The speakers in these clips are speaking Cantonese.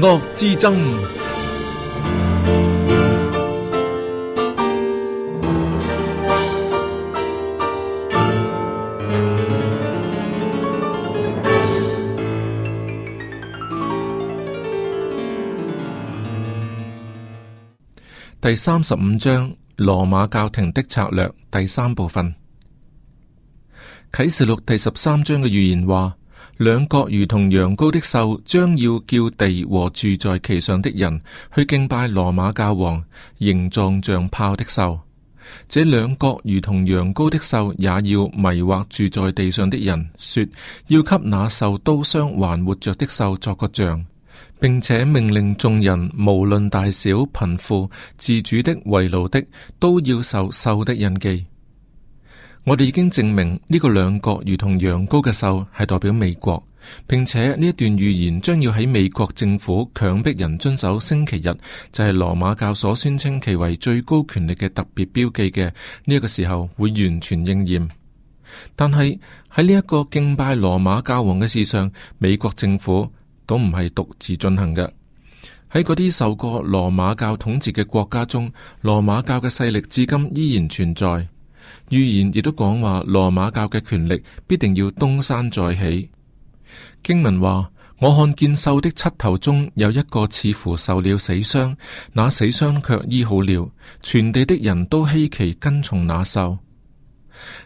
惡之爭。第三十五章：羅馬教廷的策略。第三部分。啟示錄第十三章嘅預言話。兩角如同羊羔的獸，將要叫地和住在其上的人去敬拜羅馬教皇，形狀像豹的獸。這兩角如同羊羔的獸，也要迷惑住在地上的人，說要給那受刀傷還活着的獸作個像，並且命令眾人，無論大小、貧富、自主的、為奴的，都要受獸的印記。我哋已經證明呢個兩國如同羊羔嘅獸係代表美國，並且呢一段預言將要喺美國政府強迫人遵守星期日，就係羅馬教所宣稱其為最高權力嘅特別標記嘅呢一個時候會完全應驗。但係喺呢一個敬拜羅馬教皇嘅事上，美國政府都唔係獨自進行嘅。喺嗰啲受過羅馬教統治嘅國家中，羅馬教嘅勢力至今依然存在。預言亦都講話羅馬教嘅權力必定要東山再起。經文話：我看見獸的七頭中有一個似乎受了死傷，那死傷卻醫好了。全地的人都希奇跟從那獸。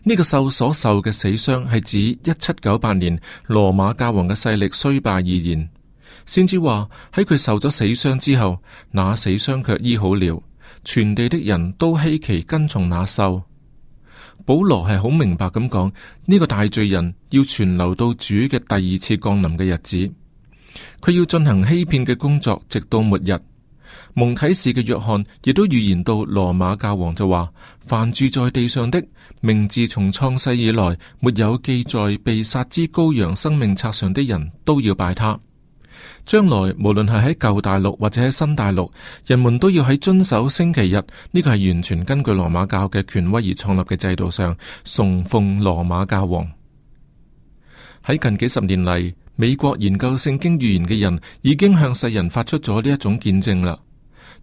呢、這個獸所受嘅死傷係指一七九八年羅馬教皇嘅勢力衰敗而言。先知話喺佢受咗死傷之後，那死傷卻醫好了。全地的人都希奇跟從那獸。保羅係好明白咁講，呢個大罪人要存留到主嘅第二次降臨嘅日子，佢要進行欺騙嘅工作，直到末日。蒙啟示嘅約翰亦都預言到，羅馬教皇就話：凡住在地上的，名字從創世以來沒有記在被殺之羔羊生命冊上的人都要拜他。將來無論係喺舊大陸或者喺新大陸，人們都要喺遵守星期日呢個係完全根據羅馬教嘅權威而創立嘅制度上，崇奉羅馬教皇。喺近幾十年嚟，美國研究聖經預言嘅人已經向世人發出咗呢一種見證啦。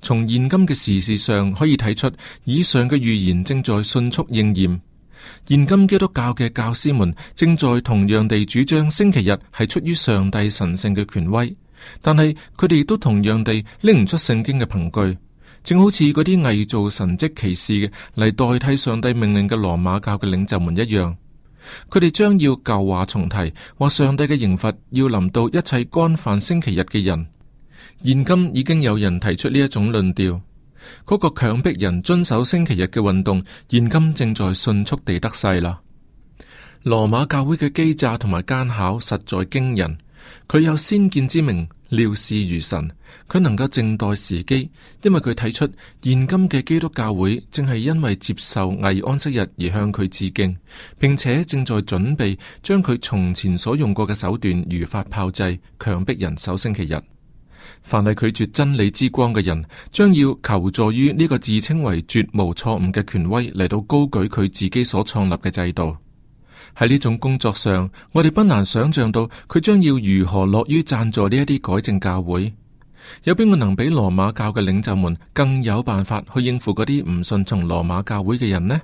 從現今嘅時事上可以睇出，以上嘅預言正在迅速應驗。現今基督教嘅教師們正在同樣地主張星期日係出於上帝神聖嘅權威。但係佢哋都同樣地拎唔出聖經嘅憑據，正好似嗰啲偽造神迹奇事嘅嚟代替上帝命令嘅羅馬教嘅領袖們一樣。佢哋將要舊話重提，話上帝嘅刑罰要臨到一切干犯星期日嘅人。現今已經有人提出呢一種論調，嗰個強迫人遵守星期日嘅運動，現今正在迅速地得勢啦。羅馬教會嘅機詐同埋奸巧實在驚人。佢有先見之明，料事如神。佢能夠靜待時機，因為佢睇出現今嘅基督教會正係因為接受偽安息日而向佢致敬，並且正在準備將佢從前所用過嘅手段如法炮製，強迫人守星期日。凡係拒絕真理之光嘅人，將要求助於呢個自稱為絕無錯誤嘅權威嚟到高舉佢自己所創立嘅制度。喺呢種工作上，我哋不難想象到佢將要如何樂於贊助呢一啲改正教會。有邊個能比羅馬教嘅領袖們更有辦法去應付嗰啲唔順從羅馬教會嘅人呢？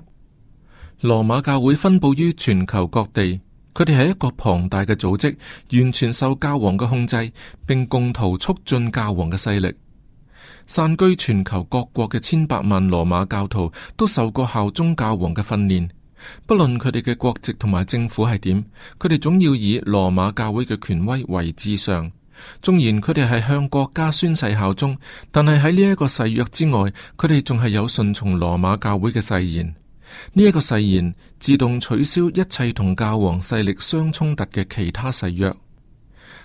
羅馬教會分布於全球各地，佢哋係一個龐大嘅組織，完全受教皇嘅控制，並共同促進教皇嘅勢力。散居全球各國嘅千百萬羅馬教徒都受過效忠教皇嘅訓練。不論佢哋嘅國籍同埋政府係點，佢哋總要以羅馬教會嘅權威為至上。縱然佢哋係向國家宣誓效忠，但係喺呢一個誓約之外，佢哋仲係有順從羅馬教會嘅誓言。呢、這、一個誓言自動取消一切同教皇勢力相衝突嘅其他誓約。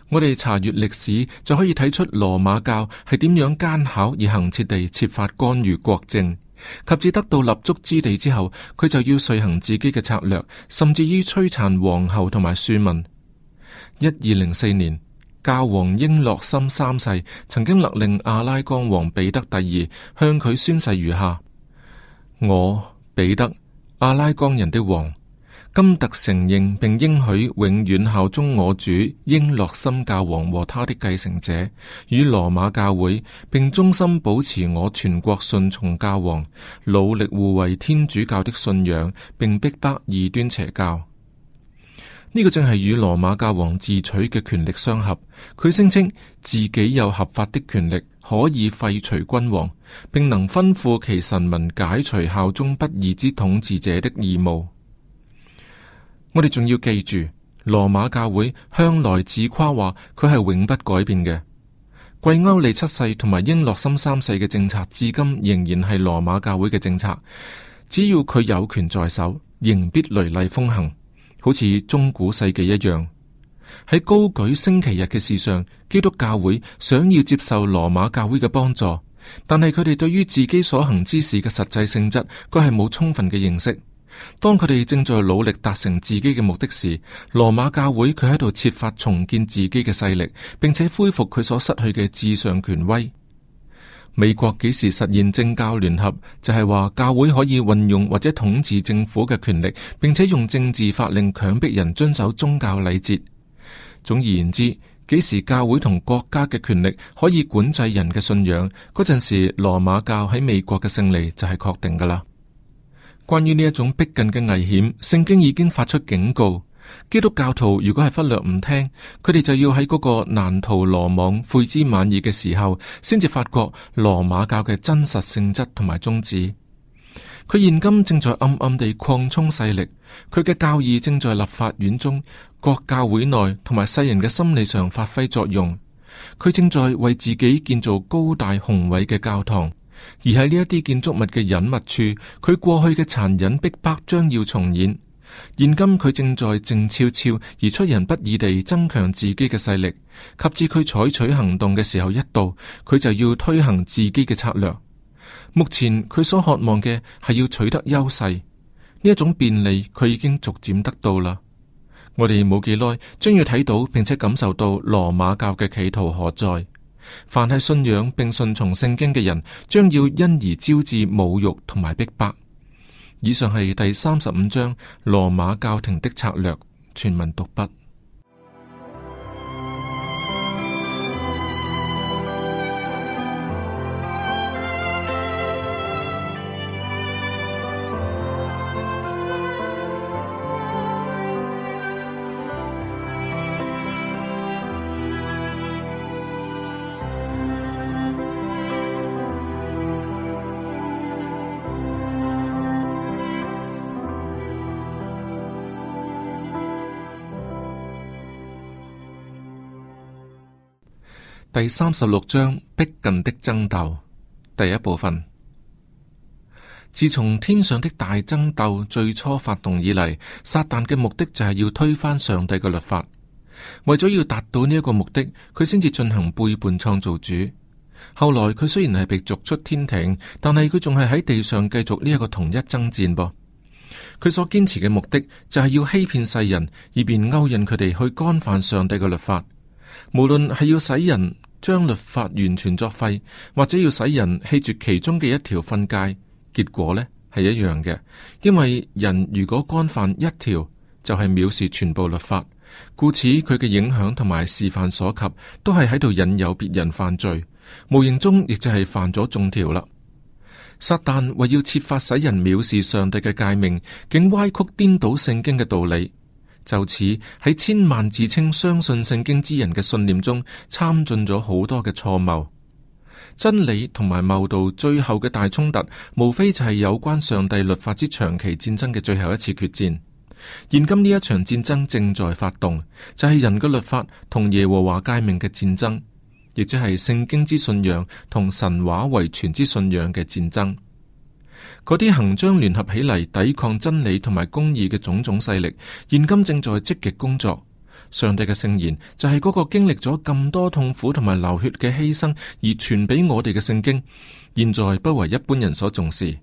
我哋查閱歷史就可以睇出羅馬教係點樣奸巧而行徹地設法干預國政。及至得到立足之地之後，佢就要遂行自己嘅策略，甚至於摧殘皇后同埋庶民。一二零四年，教皇英洛森三世曾經勒令阿拉岡王彼得第二向佢宣誓如下：我彼得，阿拉岡人的王。金特承認並應許永遠效忠我主英諾森教王和他的繼承者與羅馬教會，並衷心保持我全國信從教王，努力護衛天主教的信仰，並逼迫異端邪教。呢、這個正係與羅馬教王自取嘅權力相合。佢聲稱自己有合法的權力可以廢除君王，並能吩咐其臣民解除效忠不義之統治者的義務。我哋仲要記住，羅馬教會向來自誇話佢係永不改變嘅。貴歐利七世同埋英諾森三世嘅政策，至今仍然係羅馬教會嘅政策。只要佢有權在手，仍必雷厲風行，好似中古世紀一樣。喺高舉星期日嘅事上，基督教會想要接受羅馬教會嘅幫助，但係佢哋對於自己所行之事嘅實際性質，佢係冇充分嘅認識。當佢哋正在努力達成自己嘅目的時，羅馬教會佢喺度設法重建自己嘅勢力，並且恢復佢所失去嘅至上權威。美國幾時實現政教聯合，就係話教會可以運用或者統治政府嘅權力，並且用政治法令強迫人遵守宗教禮節。總而言之，幾時教會同國家嘅權力可以管制人嘅信仰，嗰陣時羅馬教喺美國嘅勝利就係確定噶啦。關於呢一種逼近嘅危險，聖經已經發出警告。基督教徒如果係忽略唔聽，佢哋就要喺嗰個難逃羅網、悔之晚矣嘅時候，先至發覺羅馬教嘅真實性質同埋宗旨。佢現今正在暗暗地擴充勢力，佢嘅教義正在立法院中、各教會內同埋世人嘅心理上發揮作用。佢正在為自己建造高大宏偉嘅教堂。而喺呢一啲建築物嘅隱密處，佢過去嘅殘忍逼迫將要重演。現今佢正在靜悄悄而出人不意地增強自己嘅勢力，及至佢採取行動嘅時候一到，佢就要推行自己嘅策略。目前佢所渴望嘅係要取得優勢，呢一種便利佢已經逐漸得到啦。我哋冇幾耐將要睇到並且感受到羅馬教嘅企圖何在。凡係信仰並順從聖經嘅人，將要因而招致侮辱同埋逼迫。以上係第三十五章羅馬教廷的策略。全文讀畢。第三十六章，逼近的爭鬥，第一部分。自從天上的大爭鬥最初發動以嚟，撒旦嘅目的就係要推翻上帝嘅律法。為咗要達到呢一個目的，佢先至進行背叛創造主。後來佢雖然係被逐出天庭，但係佢仲係喺地上繼續呢一個同一爭戰。噃，佢所堅持嘅目的就係要欺騙世人，以便勾引佢哋去干犯上帝嘅律法。無論係要使人，將律法完全作廢，或者要使人棄絕其中嘅一條分界，結果呢係一樣嘅，因為人如果干犯一條，就係、是、藐視全部律法，故此佢嘅影響同埋示範所及，都係喺度引誘別人犯罪，無形中亦就係犯咗眾條啦。撒旦為要設法使人藐視上帝嘅誡命，竟歪曲顛倒聖經嘅道理。就此喺千萬自稱相信聖經之人嘅信念中參進咗好多嘅錯謬，真理同埋謬道最後嘅大衝突，無非就係有關上帝律法之長期戰爭嘅最後一次決戰。現今呢一場戰爭正在發動，就係、是、人嘅律法同耶和華誡命嘅戰爭，亦即係聖經之信仰同神話遺傳之信仰嘅戰爭。嗰啲行將聯合起嚟抵抗真理同埋公義嘅種種勢力，現今正在積極工作。上帝嘅聖言就係嗰個經歷咗咁多痛苦同埋流血嘅犧牲而傳俾我哋嘅聖經，現在不為一般人所重視。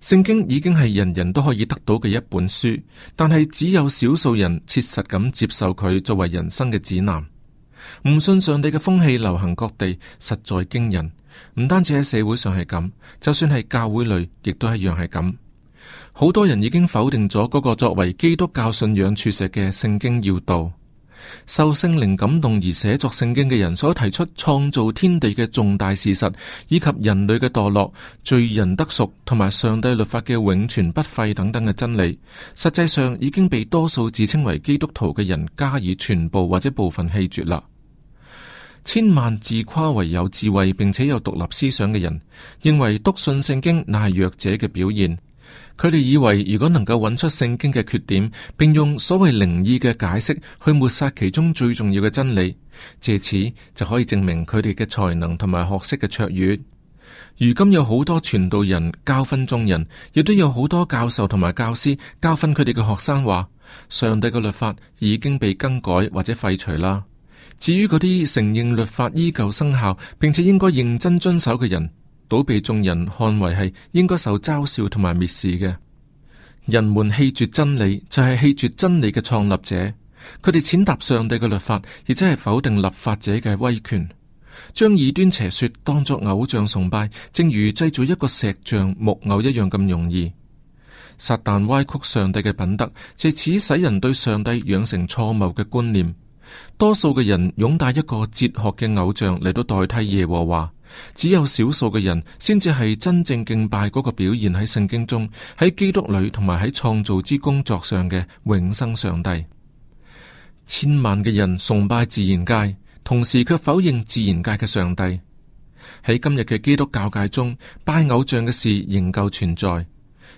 聖經已經係人人都可以得到嘅一本書，但係只有少數人切實咁接受佢作為人生嘅指南。唔信上帝嘅風氣流行各地，實在驚人。唔單止喺社會上係咁，就算係教會內，亦都一樣係咁。好多人已經否定咗嗰個作為基督教信仰柱石嘅聖經要道，受聖靈感動而寫作聖經嘅人所提出創造天地嘅重大事實，以及人類嘅墮落、罪人得贖同埋上帝律法嘅永存不廢等等嘅真理，實際上已經被多數自稱為基督徒嘅人加以全部或者部分棄絕啦。千萬自誇為有智慧並且有獨立思想嘅人，認為篤信聖經乃係弱者嘅表現。佢哋以為如果能夠揾出聖經嘅缺點，並用所謂靈意嘅解釋去抹殺其中最重要嘅真理，借此就可以證明佢哋嘅才能同埋學識嘅卓越。如今有好多傳道人教訓眾人，亦都有好多教授同埋教師教訓佢哋嘅學生，話上帝嘅律法已經被更改或者廢除啦。至於嗰啲承認律法依舊生效，並且應該認真遵守嘅人，倒被眾人看為係應該受嘲笑同埋蔑視嘅。人們棄絕真理，就係、是、棄絕真理嘅創立者。佢哋踐踏上帝嘅律法，亦即係否定立法者嘅威權，將異端邪說當作偶像崇拜，正如製造一個石像木偶一樣咁容易。撒旦歪曲上帝嘅品德，借、就是、此使人對上帝養成錯誤嘅觀念。多數嘅人擁戴一個哲學嘅偶像嚟到代替耶和華，只有少數嘅人先至係真正敬拜嗰個表現喺聖經中、喺基督裏同埋喺創造之工作上嘅永生上帝。千萬嘅人崇拜自然界，同時卻否認自然界嘅上帝。喺今日嘅基督教界中，拜偶像嘅事仍舊存在。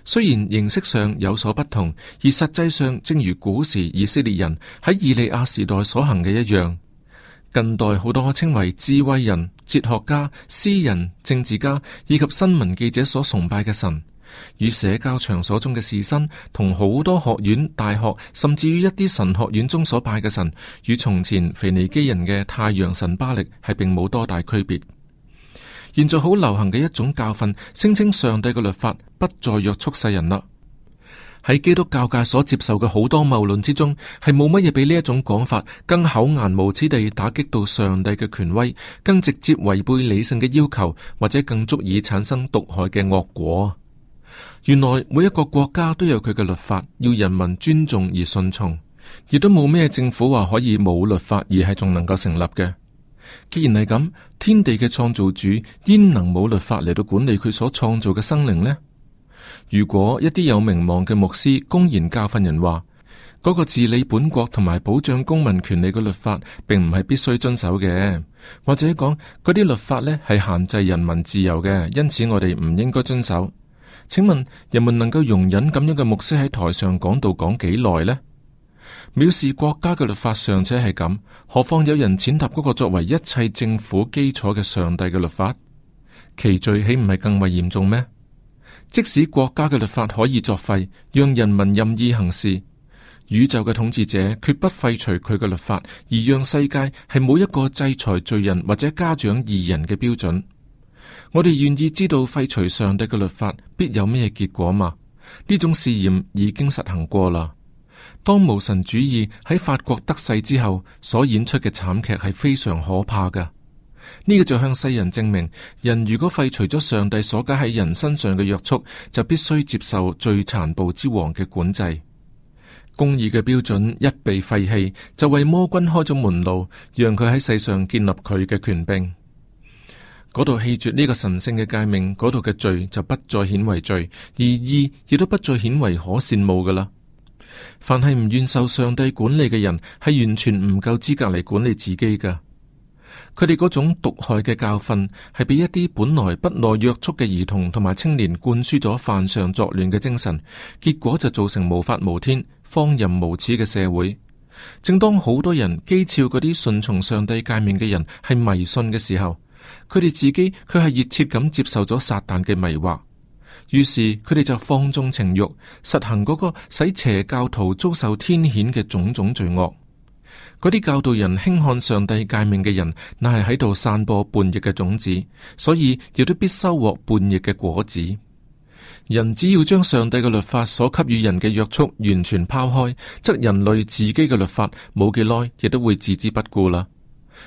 雖然形式上有所不同，而實際上正如古時以色列人喺以利亞時代所行嘅一樣，近代好多稱為智慧人、哲學家、詩人、政治家以及新聞記者所崇拜嘅神，與社交場所中嘅士紳同好多學院、大學甚至於一啲神學院中所拜嘅神，與從前腓尼基人嘅太陽神巴力係並冇多大區別。現在好流行嘅一種教訓，聲稱上帝嘅律法不再約束世人啦。喺基督教界所接受嘅好多謬論之中，係冇乜嘢比呢一種講法更厚顏無恥地打擊到上帝嘅權威，更直接違背理性嘅要求，或者更足以產生毒害嘅惡果。原來每一個國家都有佢嘅律法，要人民尊重而順從，亦都冇咩政府話可以冇律法而係仲能夠成立嘅。既然係咁，天地嘅創造主焉能冇律法嚟到管理佢所創造嘅生靈呢？如果一啲有名望嘅牧師公然教訓人話，嗰、那個治理本國同埋保障公民權利嘅律法，並唔係必須遵守嘅，或者講嗰啲律法呢係限制人民自由嘅，因此我哋唔應該遵守。請問，人們能夠容忍咁樣嘅牧師喺台上講道講幾耐呢？表示國家嘅律法尚且係咁，何況有人踐踏嗰個作為一切政府基礎嘅上帝嘅律法，其罪豈唔係更為嚴重咩？即使國家嘅律法可以作廢，讓人民任意行事，宇宙嘅統治者決不廢除佢嘅律法，而讓世界係冇一個制裁罪人或者家長義人嘅標準。我哋願意知道廢除上帝嘅律法必有咩結果嘛？呢種試驗已經實行過啦。當無神主義喺法國得勢之後，所演出嘅慘劇係非常可怕㗎。呢、這個就向世人證明：人如果廢除咗上帝所加喺人身上嘅約束，就必須接受最殘暴之王嘅管制。公義嘅標準一被廢棄，就為魔君開咗門路，讓佢喺世上建立佢嘅權柄。嗰度棄絕呢個神聖嘅誡命，嗰度嘅罪就不再顯為罪，而義亦都不再顯為可羨慕㗎啦。凡係唔願受上帝管理嘅人，係完全唔夠資格嚟管理自己噶。佢哋嗰種毒害嘅教訓，係俾一啲本來不耐約束嘅兒童同埋青年灌輸咗犯上作亂嘅精神，結果就造成無法無天、放任無恥嘅社會。正當好多人譏笑嗰啲順從上帝誡命嘅人係迷信嘅時候，佢哋自己佢係熱切咁接受咗撒旦嘅迷惑。於是佢哋就放縱情欲，實行嗰個使邪教徒遭受天譴嘅種種罪惡。嗰啲教導人輕看上帝誡命嘅人，乃係喺度散播叛逆嘅種子，所以亦都必收穫叛逆嘅果子。人只要將上帝嘅律法所給予人嘅約束完全拋開，則人類自己嘅律法冇幾耐，亦都會置之不顧啦。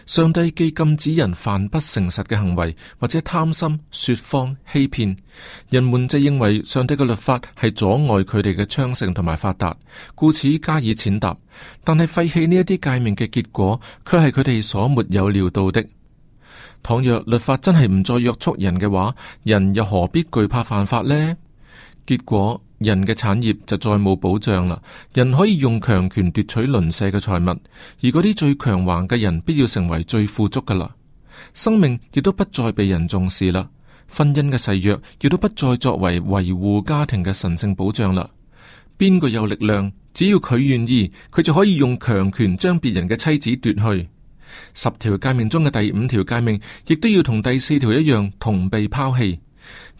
上帝既禁止人犯不誠實嘅行為，或者貪心、說謊、欺騙，人們就認為上帝嘅律法係阻礙佢哋嘅昌盛同埋發達，故此加以踐踏。但係廢棄呢一啲界面嘅結果，卻係佢哋所沒有料到的。倘若律法真係唔再約束人嘅話，人又何必懼怕犯法呢？結果人嘅產業就再冇保障啦。人可以用強權奪取鄰捨嘅財物，而嗰啲最強橫嘅人，必要成為最富足噶啦。生命亦都不再被人重視啦。婚姻嘅誓約亦都不再作為維護家庭嘅神聖保障啦。邊個有力量，只要佢願意，佢就可以用強權將別人嘅妻子奪去。十條誡命中嘅第五條誡命，亦都要同第四條一樣，同被拋棄。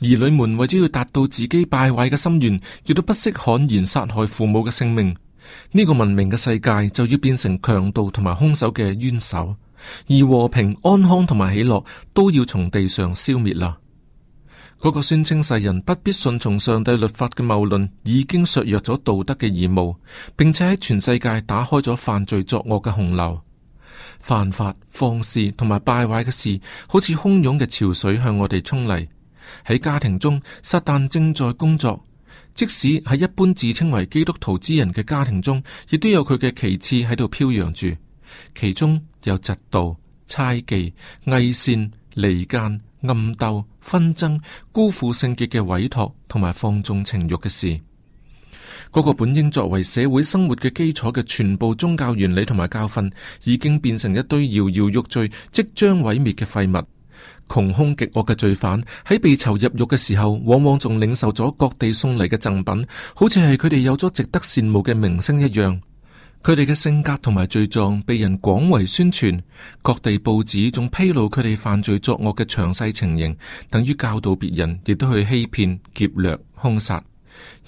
兒女們為咗要達到自己敗壞嘅心願，亦都不惜悍然殺害父母嘅性命。呢、這個文明嘅世界就要變成強盜同埋兇手嘅冤手，而和平、安康同埋喜樂都要從地上消滅啦。嗰、那個宣稱世人不必順從上帝律法嘅謬論，已經削弱咗道德嘅義務，並且喺全世界打開咗犯罪作惡嘅洪流。犯法、放肆同埋敗壞嘅事，好似洶湧嘅潮水向我哋衝嚟。喺家庭中，撒旦正在工作。即使喺一般自稱為基督徒之人嘅家庭中，亦都有佢嘅旗幟喺度飄揚住。其中有嫉妒、猜忌、偽善、離間、暗鬥、紛爭、辜負聖潔嘅委託同埋放縱情欲嘅事。嗰個本應作為社會生活嘅基礎嘅全部宗教原理同埋教訓，已經變成一堆搖搖欲墜、即將毀滅嘅廢物。窮凶極惡嘅罪犯喺被囚入獄嘅時候，往往仲領受咗各地送嚟嘅贈品，好似係佢哋有咗值得羨慕嘅名聲一樣。佢哋嘅性格同埋罪狀被人廣為宣傳，各地報紙仲披露佢哋犯罪作惡嘅詳細情形，等於教導別人亦都去欺騙、劫掠、凶殺。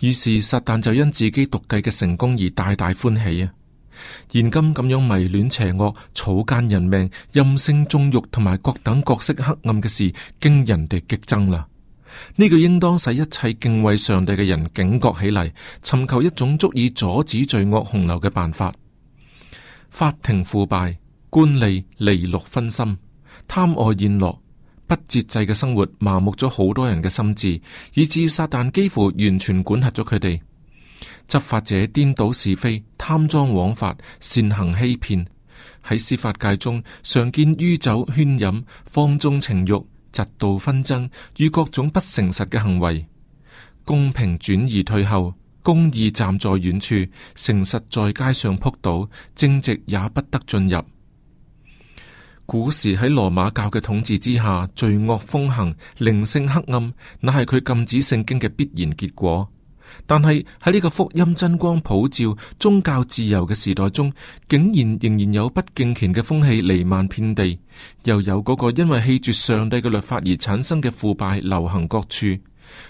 於是撒旦就因自己毒計嘅成功而大大歡喜啊！現今咁樣迷戀邪惡、草菅人命、任性縱欲同埋各等各色黑暗嘅事，驚人哋激增啦。呢個應當使一切敬畏上帝嘅人警覺起嚟，尋求一種足以阻止罪惡洪流嘅辦法。法庭腐敗、官吏利祿分心、貪愛宴樂、不節制嘅生活，麻木咗好多人嘅心智，以至撒旦幾乎完全管轄咗佢哋。執法者顛倒是非、貪贓枉法、善行欺騙，喺司法界中常見。酗酒、圈飲、放縱情欲、嫉妒紛爭，與各種不誠實嘅行為。公平轉移退後，公義站在遠處，誠實在街上撲倒，正直也不得進入。古時喺羅馬教嘅統治之下，罪惡風行，靈性黑暗，乃係佢禁止聖經嘅必然結果。但係喺呢個福音真光普照、宗教自由嘅時代中，竟然仍然有不敬虔嘅風氣瀰漫遍地，又有嗰個因為棄絕上帝嘅律法而產生嘅腐敗流行各處。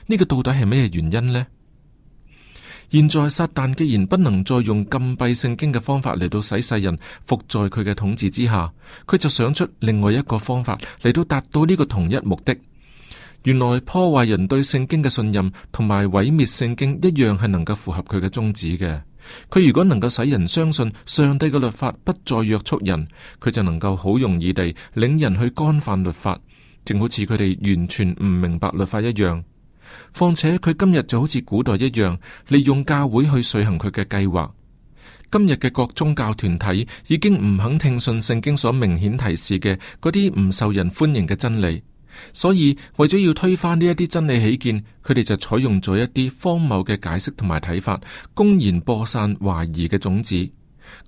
呢個到底係咩原因呢？現在撒旦既然不能再用禁閉聖經嘅方法嚟到使世人服在佢嘅統治之下，佢就想出另外一個方法嚟到達到呢個同一目的。原來破壞人對聖經嘅信任同埋毀滅聖經一樣係能夠符合佢嘅宗旨嘅。佢如果能夠使人相信上帝嘅律法不再約束人，佢就能夠好容易地領人去干犯律法，正好似佢哋完全唔明白律法一樣。況且佢今日就好似古代一樣，利用教會去遂行佢嘅計劃。今日嘅各宗教團體已經唔肯聽信聖經所明顯提示嘅嗰啲唔受人歡迎嘅真理。所以為咗要推翻呢一啲真理起見，佢哋就採用咗一啲荒謬嘅解釋同埋睇法，公然播散懷疑嘅種子。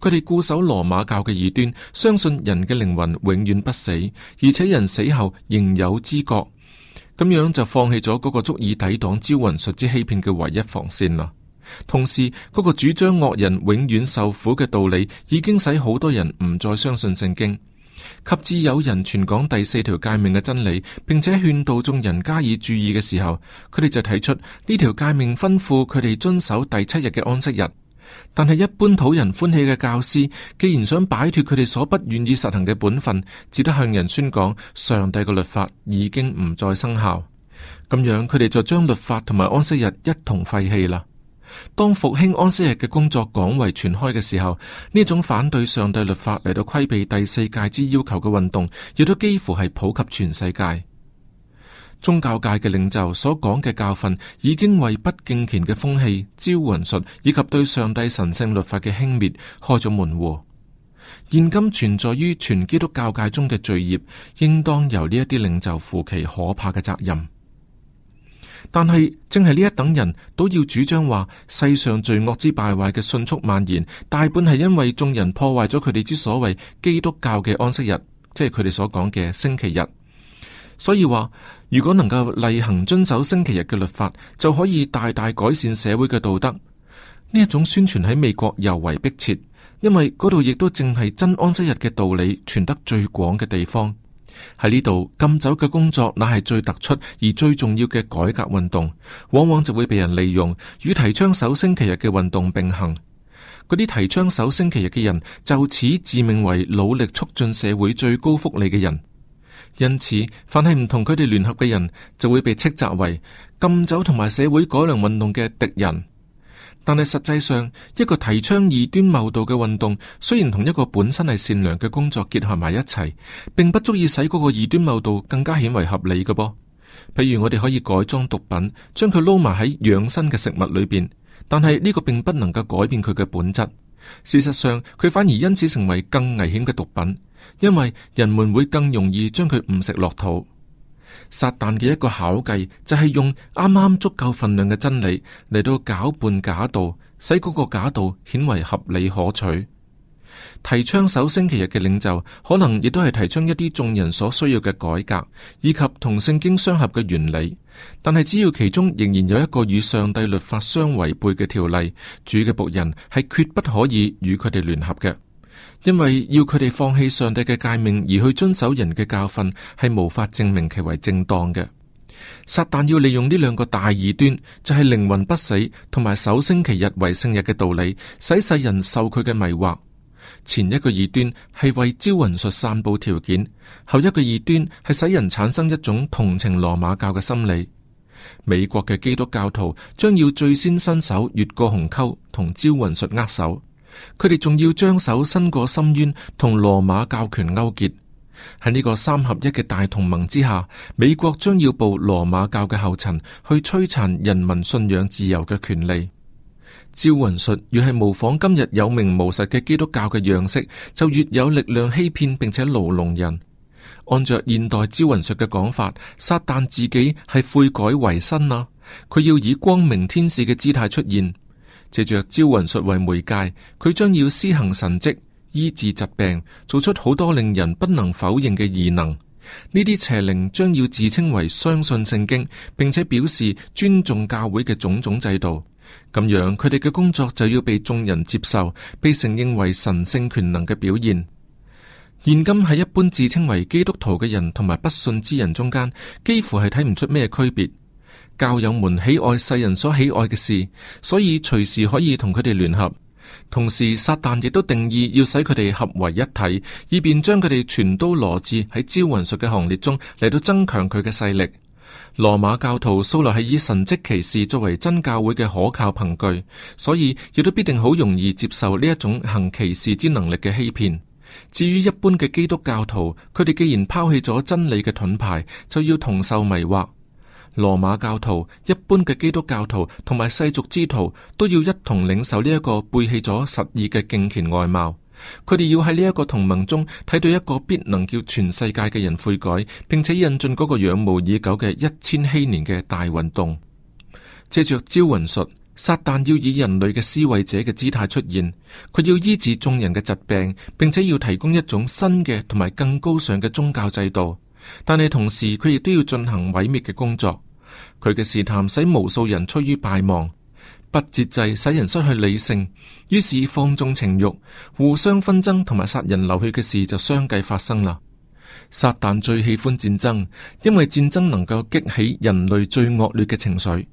佢哋固守羅馬教嘅異端，相信人嘅靈魂永遠不死，而且人死後仍有知覺。咁樣就放棄咗嗰個足以抵擋招魂術之欺騙嘅唯一防線啦。同時，嗰個主張惡人永遠受苦嘅道理，已經使好多人唔再相信聖經。及至有人傳講第四條誡命嘅真理，並且勸導眾人加以注意嘅時候，佢哋就提出呢條誡命吩咐佢哋遵守第七日嘅安息日。但係一般討人歡喜嘅教師，既然想擺脫佢哋所不願意實行嘅本分，只得向人宣講上帝嘅律法已經唔再生效，咁樣佢哋就將律法同埋安息日一同廢棄啦。當復興安息日嘅工作廣為傳開嘅時候，呢種反對上帝律法嚟到規避第四誡之要求嘅運動，亦都幾乎係普及全世界。宗教界嘅領袖所講嘅教訓，已經為不敬虔嘅風氣、招魂術以及對上帝神聖律法嘅輕蔑開咗門戶。現今存在於全基督教界中嘅罪孽，應當由呢一啲領袖負其可怕嘅責任。但係正係呢一等人，都要主張話世上罪惡之敗壞嘅迅速蔓延，大半係因為眾人破壞咗佢哋之所謂基督教嘅安息日，即係佢哋所講嘅星期日。所以話，如果能夠例行遵守星期日嘅律法，就可以大大改善社會嘅道德。呢一種宣傳喺美國尤為迫切，因為嗰度亦都正係真安息日嘅道理傳得最廣嘅地方。喺呢度禁酒嘅工作，乃係最突出而最重要嘅改革運動，往往就會被人利用，與提倡守星期日嘅運動並行。嗰啲提倡守星期日嘅人，就此自命為努力促進社會最高福利嘅人，因此，凡係唔同佢哋聯合嘅人，就會被斥責為禁酒同埋社會改良運動嘅敵人。但係實際上，一個提倡異端謬道嘅運動，雖然同一個本身係善良嘅工作結合埋一齊，並不足以使嗰個異端謬道更加顯為合理㗎噃。譬如我哋可以改裝毒品，將佢撈埋喺養生嘅食物裏邊，但係呢個並不能夠改變佢嘅本質。事實上，佢反而因此成為更危險嘅毒品，因為人們會更容易將佢誤食落肚。撒旦嘅一個巧計就係用啱啱足夠份量嘅真理嚟到攪拌假道，使嗰個假道顯為合理可取。提倡首星期日嘅領袖可能亦都係提倡一啲眾人所需要嘅改革，以及同聖經相合嘅原理。但係只要其中仍然有一個與上帝律法相違背嘅條例，主嘅僕人係決不可以與佢哋聯合嘅。因為要佢哋放棄上帝嘅誡命而去遵守人嘅教訓，係無法證明其為正當嘅。撒旦要利用呢兩個大異端，就係、是、靈魂不死同埋守星期日為聖日嘅道理，使世人受佢嘅迷惑。前一個異端係為招魂術散布條件，後一個異端係使人產生一種同情羅馬教嘅心理。美國嘅基督教徒將要最先伸手越過鴻溝，同招魂術握手。佢哋仲要將手伸過深淵，同羅馬教權勾結。喺呢個三合一嘅大同盟之下，美國將要步羅馬教嘅後塵，去摧殘人民信仰自由嘅權利。招魂術越係模仿今日有名無實嘅基督教嘅樣式，就越有力量欺騙並且牢籠人。按照現代招魂術嘅講法，撒旦自己係悔改為新啦、啊，佢要以光明天使嘅姿態出現。借着招魂術為媒介，佢將要施行神蹟、醫治疾病，做出好多令人不能否認嘅異能。呢啲邪靈將要自稱為相信聖經，並且表示尊重教會嘅種種制度。咁樣，佢哋嘅工作就要被眾人接受，被承認為神聖權能嘅表現。現今喺一般自稱為基督徒嘅人同埋不信之人中間，幾乎係睇唔出咩區別。教友們喜愛世人所喜愛嘅事，所以隨時可以同佢哋聯合。同時，撒旦亦都定義要使佢哋合為一體，以便將佢哋全都羅致喺招魂術嘅行列中，嚟到增強佢嘅勢力。羅馬教徒素來係以神蹟奇事作為真教會嘅可靠憑據，所以亦都必定好容易接受呢一種行奇事之能力嘅欺騙。至於一般嘅基督教徒，佢哋既然拋棄咗真理嘅盾牌，就要同受迷惑。羅馬教徒、一般嘅基督教徒同埋世俗之徒都要一同領受呢一個背棄咗實意嘅敬虔外貌。佢哋要喺呢一個同盟中睇到一個必能叫全世界嘅人悔改，並且引進嗰個仰慕已久嘅一千禧年嘅大運動。借着招魂術，撒旦要以人類嘅施惠者嘅姿態出現，佢要醫治眾人嘅疾病，並且要提供一種新嘅同埋更高尚嘅宗教制度。但係同時，佢亦都要進行毀滅嘅工作。佢嘅試探使無數人趨於敗亡，不節制使人失去理性，於是放縱情欲，互相紛爭同埋殺人流血嘅事就相繼發生啦。撒旦最喜歡戰爭，因為戰爭能夠激起人類最惡劣嘅情緒，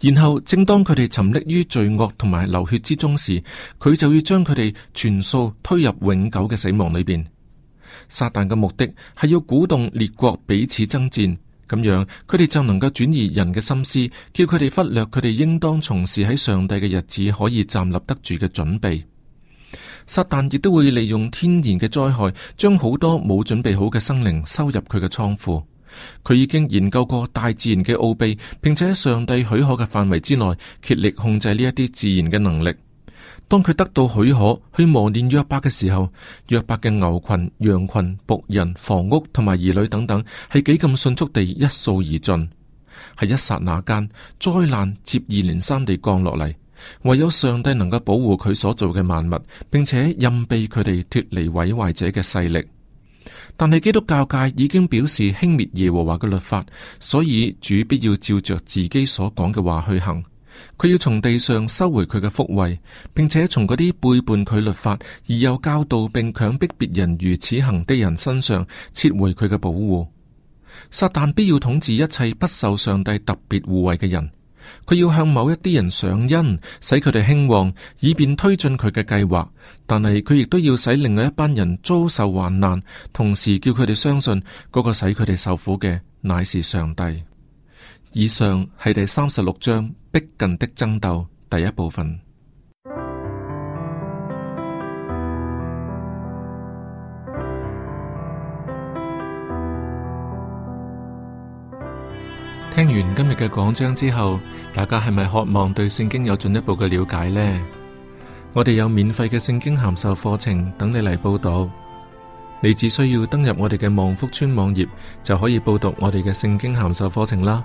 然後正當佢哋沉溺於罪惡同埋流血之中時，佢就要將佢哋全數推入永久嘅死亡裏邊。撒旦嘅目的係要鼓動列國彼此爭戰。咁樣佢哋就能夠轉移人嘅心思，叫佢哋忽略佢哋應當從事喺上帝嘅日子可以站立得住嘅準備。撒旦亦都會利用天然嘅災害，將好多冇準備好嘅生靈收入佢嘅倉庫。佢已經研究過大自然嘅奧秘，並且喺上帝許可嘅範圍之內竭力控制呢一啲自然嘅能力。當佢得到許可去磨練約伯嘅時候，約伯嘅牛群、羊群、僕人、房屋同埋兒女等等，係幾咁迅速地一掃而盡，係一剎那間災難接二連三地降落嚟。唯有上帝能夠保護佢所做嘅萬物，並且任庇佢哋脫離毀壞者嘅勢力。但係基督教界已經表示輕蔑耶和華嘅律法，所以主必要照着自己所講嘅話去行。佢要從地上收回佢嘅福惠，並且從嗰啲背叛佢律法而又教導並強迫別人如此行的人身上撤回佢嘅保護。撒旦必要統治一切不受上帝特別護衛嘅人。佢要向某一啲人上恩，使佢哋興旺，以便推進佢嘅計劃。但係佢亦都要使另外一班人遭受患難，同時叫佢哋相信嗰個使佢哋受苦嘅乃是上帝。以上係第三十六章。逼近的爭鬥，第一部分。聽完今日嘅講章之後，大家係咪渴望對聖經有進一步嘅了解呢？我哋有免費嘅聖經函授課程等你嚟報讀。你只需要登入我哋嘅望福村網頁，就可以報讀我哋嘅聖經函授課程啦。